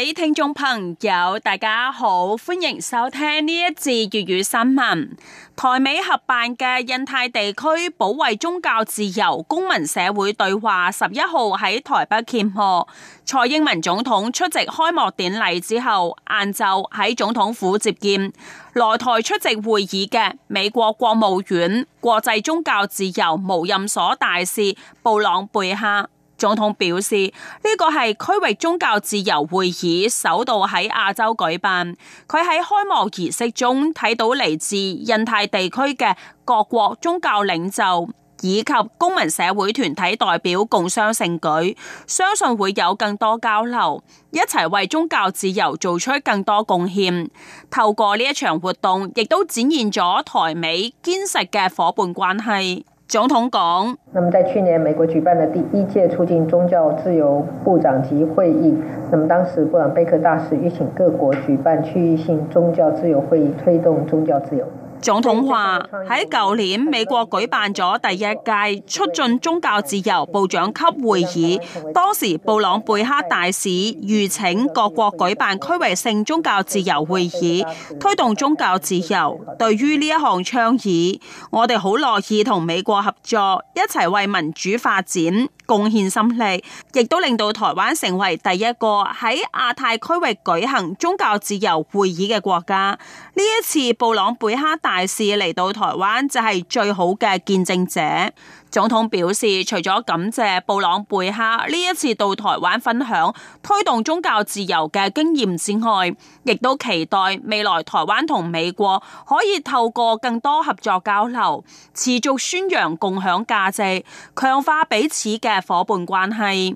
各位聽眾朋友，大家好，歡迎收聽呢一節粵語新聞。台美合辦嘅印太地區保衛宗教自由公民社會對話，十一號喺台北揭幕。蔡英文總統出席開幕典禮之後，晏晝喺總統府接見來台出席會議嘅美國國務院國際宗教自由無任所大使布朗貝克。總統表示，呢、這個係區域宗教自由會議首度喺亞洲舉辦。佢喺開幕儀式中睇到嚟自印太地區嘅各國宗教領袖以及公民社會團體代表共襄盛舉，相信會有更多交流，一齊為宗教自由做出更多貢獻。透過呢一場活動，亦都展現咗台美堅實嘅夥伴關係。總統講，港那麼在去年美國舉辦的第一屆促進宗教自由部長級會議，那麼當時布朗貝克大使邀請各國舉辦區域性宗教自由會議，推動宗教自由。總統話：喺舊年美國舉辦咗第一屆促進宗教自由部長級會議，當時布朗貝克大使預請各國舉辦區域性宗教自由會議，推動宗教自由。對於呢一項倡議，我哋好樂意同美國合作，一齊為民主發展貢獻心力，亦都令到台灣成為第一個喺亞太區域舉行宗教自由會議嘅國家。呢一次布朗貝克大使嚟到台灣，就係最好嘅見證者。總統表示，除咗感謝布朗貝克呢一次到台灣分享推動宗教自由嘅經驗之外，亦都期待未來台灣同美國可以透過更多合作交流，持續宣揚共享價值，強化彼此嘅夥伴關係。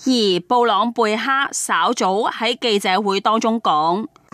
而布朗貝克稍早喺記者會當中講。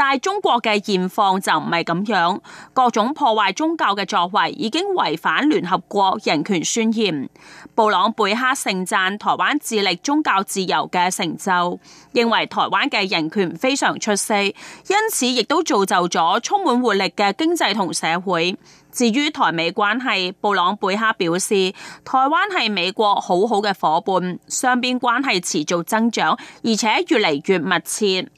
但中國嘅現況就唔係咁樣，各種破壞宗教嘅作為已經違反聯合國人權宣言。布朗貝克盛讚台灣致力宗教自由嘅成就，認為台灣嘅人權非常出色，因此亦都造就咗充滿活力嘅經濟同社會。至於台美關係，布朗貝克表示，台灣係美國好好嘅伙伴，雙邊關係持續增長，而且越嚟越密切。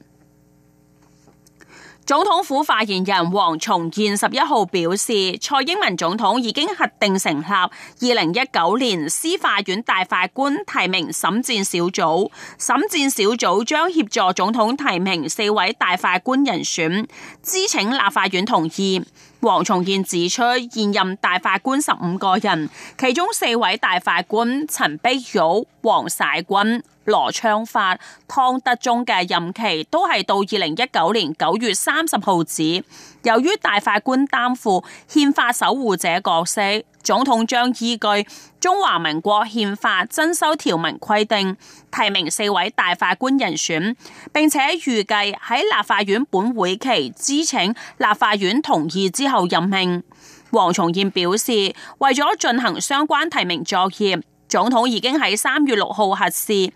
總統府發言人黃崇建十一號表示，蔡英文總統已經核定成立二零一九年司法院大法官提名審薦小組，審薦小組將協助總統提名四位大法官人選，咨請立法院同意。黃崇建指出，現任大法官十五個人，其中四位大法官陳碧玉、黃璽君。羅昌發、湯德宗嘅任期都係到二零一九年九月三十號止。由於大法官擔負憲法守護者角色，總統將依據《中華民國憲法徵條文規》增修條文規定提名四位大法官人選，並且預計喺立法院本會期知請立法院同意之後任命。黃重諺表示，為咗進行相關提名作業，總統已經喺三月六號核示。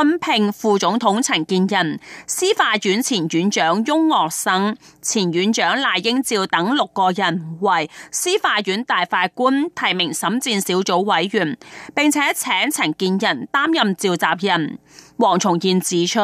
分聘副總統陳建仁、司法院前院長翁岳生、前院長賴英照等六個人為司法院大法官提名審薦小組委員，並且請陳建仁擔任召集人。黃重諺指出。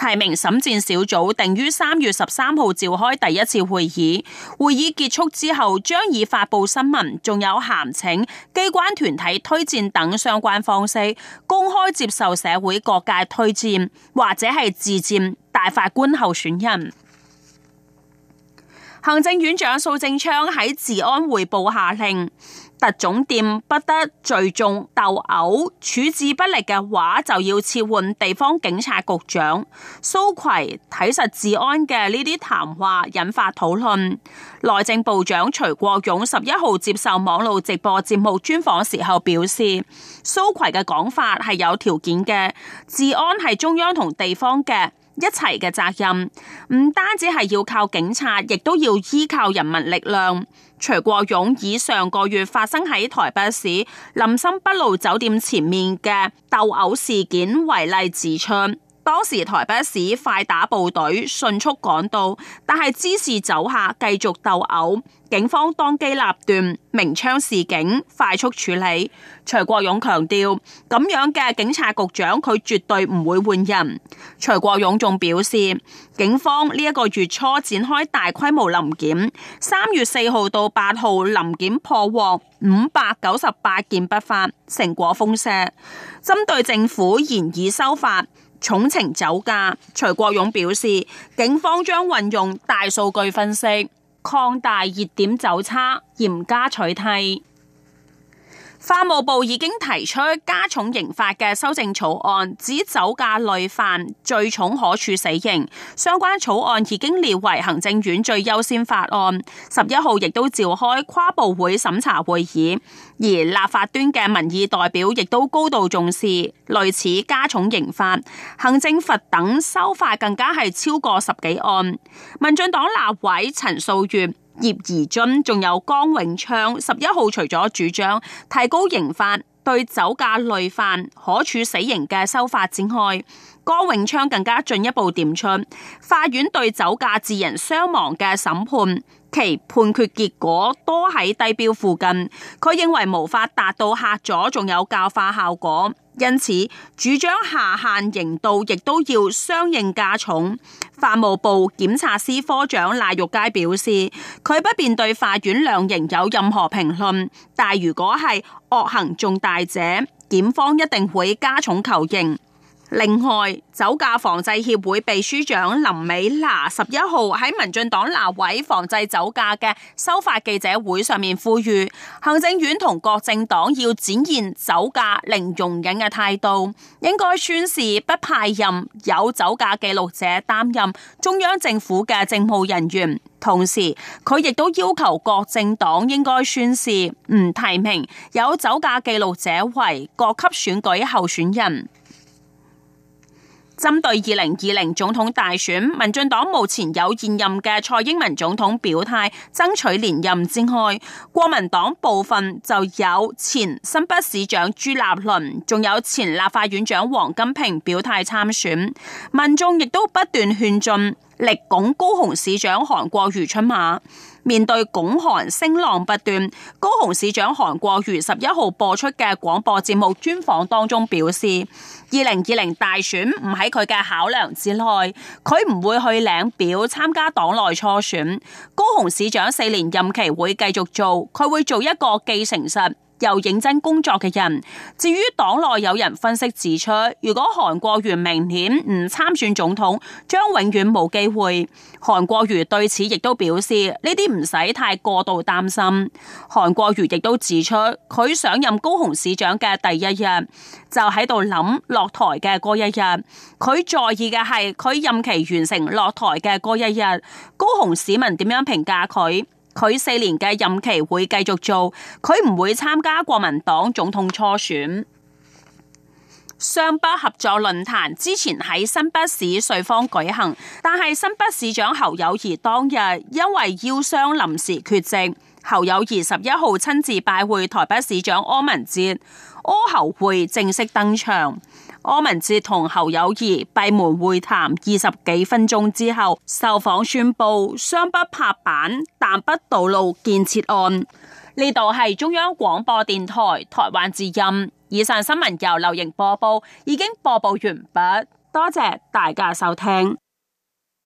提名審薦小組定於三月十三號召開第一次會議，會議結束之後將以發布新聞、仲有函請機關團體推薦等相關方式，公開接受社會各界推薦或者係自薦大法官候選人。行政院長蘇貞昌喺治安匯報下令，特種店不得聚眾鬥毆，處置不力嘅話就要撤換地方警察局長蘇揆。睇實治安嘅呢啲談話引發討論。內政部長徐國勇十一號接受網路直播節目專訪時候表示，蘇揆嘅講法係有條件嘅，治安係中央同地方嘅。一齊嘅責任，唔單止係要靠警察，亦都要依靠人民力量。徐國勇以上個月發生喺台北市林森北路酒店前面嘅鬥毆事件為例，指出。當時台北市快打部隊迅速趕到，但係滋事走下繼續鬥毆，警方當機立斷鳴槍示警，快速處理。徐國勇強調，咁樣嘅警察局長佢絕對唔會換人。徐國勇仲表示，警方呢一個月初展開大規模臨檢，三月四號到八號臨檢破獲五百九十八件不法，成果豐碩。針對政府言以修法。重情酒駕，徐國勇表示，警方將運用大數據分析，擴大熱點酒差，嚴加取締。法務部已經提出加重刑罰嘅修正草案，指酒駕累犯最重可處死刑，相關草案已經列為行政院最優先法案。十一號亦都召開跨部會審查會議，而立法端嘅民意代表亦都高度重視類似加重刑罰、行政罰等修法，更加係超過十幾案。民進黨立委陳素月。葉宜津仲有江永昌，十一號除咗主張提高刑法對酒駕累犯可處死刑嘅修法展開。江永昌更加進一步點出，法院對酒駕致人傷亡嘅審判，其判決結果多喺低標附近。佢認為無法達到嚇阻，仲有教化效果。因此，主張下限刑度亦都要相應加重。法務部檢察司科長賴玉佳表示，佢不便對法院量刑有任何評論，但如果係惡行重大者，檢方一定會加重求刑。另外，酒駕防制協會秘書長林美娜十一號喺民進黨立委防制酒駕嘅修法記者會上面呼籲，行政院同各政黨要展現酒駕零容忍嘅態度，應該宣示不派任有酒駕記錄者擔任中央政府嘅政務人員。同時，佢亦都要求各政黨應該宣示唔提名有酒駕記錄者為各級選舉候選人。針對二零二零總統大選，民進黨目前有現任嘅蔡英文總統表態爭取連任之外，國民黨部分就有前新北市長朱立倫，仲有前立法院長王金平表態參選，民眾亦都不斷勸進力拱高雄市長韓國瑜出馬。面對拱韓聲浪不斷，高雄市長韓國瑜十一號播出嘅廣播節目專訪當中表示：二零二零大選唔喺佢嘅考量之內，佢唔會去領表參加黨內初選。高雄市長四年任期會繼續做，佢會做一個既成實。又認真工作嘅人。至於黨內有人分析指出，如果韓國瑜明年唔參選總統，將永遠冇機會。韓國瑜對此亦都表示，呢啲唔使太過度擔心。韓國瑜亦都指出，佢上任高雄市長嘅第一日，就喺度諗落台嘅嗰一日。佢在意嘅係佢任期完成落台嘅嗰一日，高雄市民點樣評價佢？佢四年嘅任期會繼續做，佢唔會參加國民黨總統初選。雙北合作論壇之前喺新北市瑞芳舉行，但係新北市長侯友宜當日因為腰傷臨時缺席，侯友宜十一號親自拜會台北市長柯文哲，柯侯會正式登場。柯文哲同侯友宜閉門會談二十幾分鐘之後，受訪宣布雙北拍板，淡北道路建設案。呢度係中央廣播電台台灣之音。以上新聞由流瑩播報，已經播報完畢。多謝大家收聽。